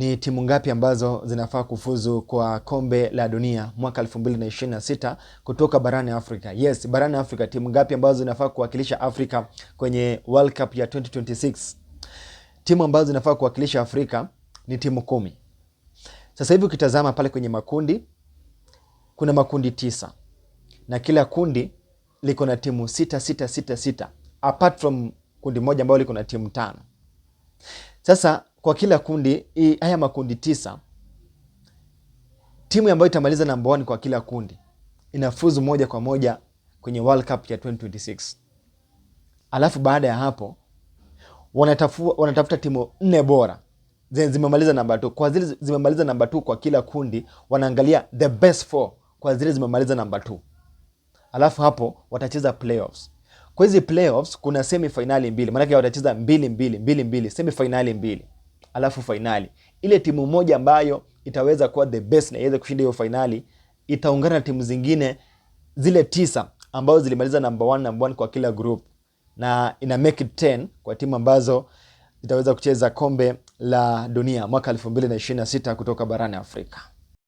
Ni timu ngapi ambazo zinafaa kufuzu kwa kombe la dunia mwaka 2026 kutoka barani Afrika? Yes, barani Afrika, timu ngapi ambazo zinafaa kuwakilisha Afrika kwenye World Cup ya 2026? Timu ambazo zinafaa kuwakilisha Afrika ni timu kumi. Sasa hivi ukitazama pale kwenye makundi, kuna makundi tisa na kila kundi liko na timu sita sita sita sita apart from kundi moja ambalo liko na timu tano. Sasa kwa kila kundi i, haya makundi tisa, timu ambayo itamaliza namba 1 kwa kila kundi inafuzu moja kwa moja kwenye World Cup ya 2026. Alafu baada ya hapo wanatafu, wanatafuta timu nne bora zenye zimemaliza namba 2. Kwa zile zimemaliza namba 2 kwa kila kundi wanaangalia the best four kwa zile zimemaliza namba 2. Alafu hapo watacheza playoffs. Kwa hizi playoffs kuna semi finali mbili. Maana yake watacheza mbili mbili mbili mbili semi finali mbili alafu fainali ile timu moja ambayo itaweza kuwa the best na iweze kushinda hiyo fainali itaungana na timu zingine zile tisa ambazo zilimaliza number one, number one kwa kila group na ina make it 10 kwa timu ambazo zitaweza kucheza kombe la dunia mwaka 2026 kutoka barani Afrika.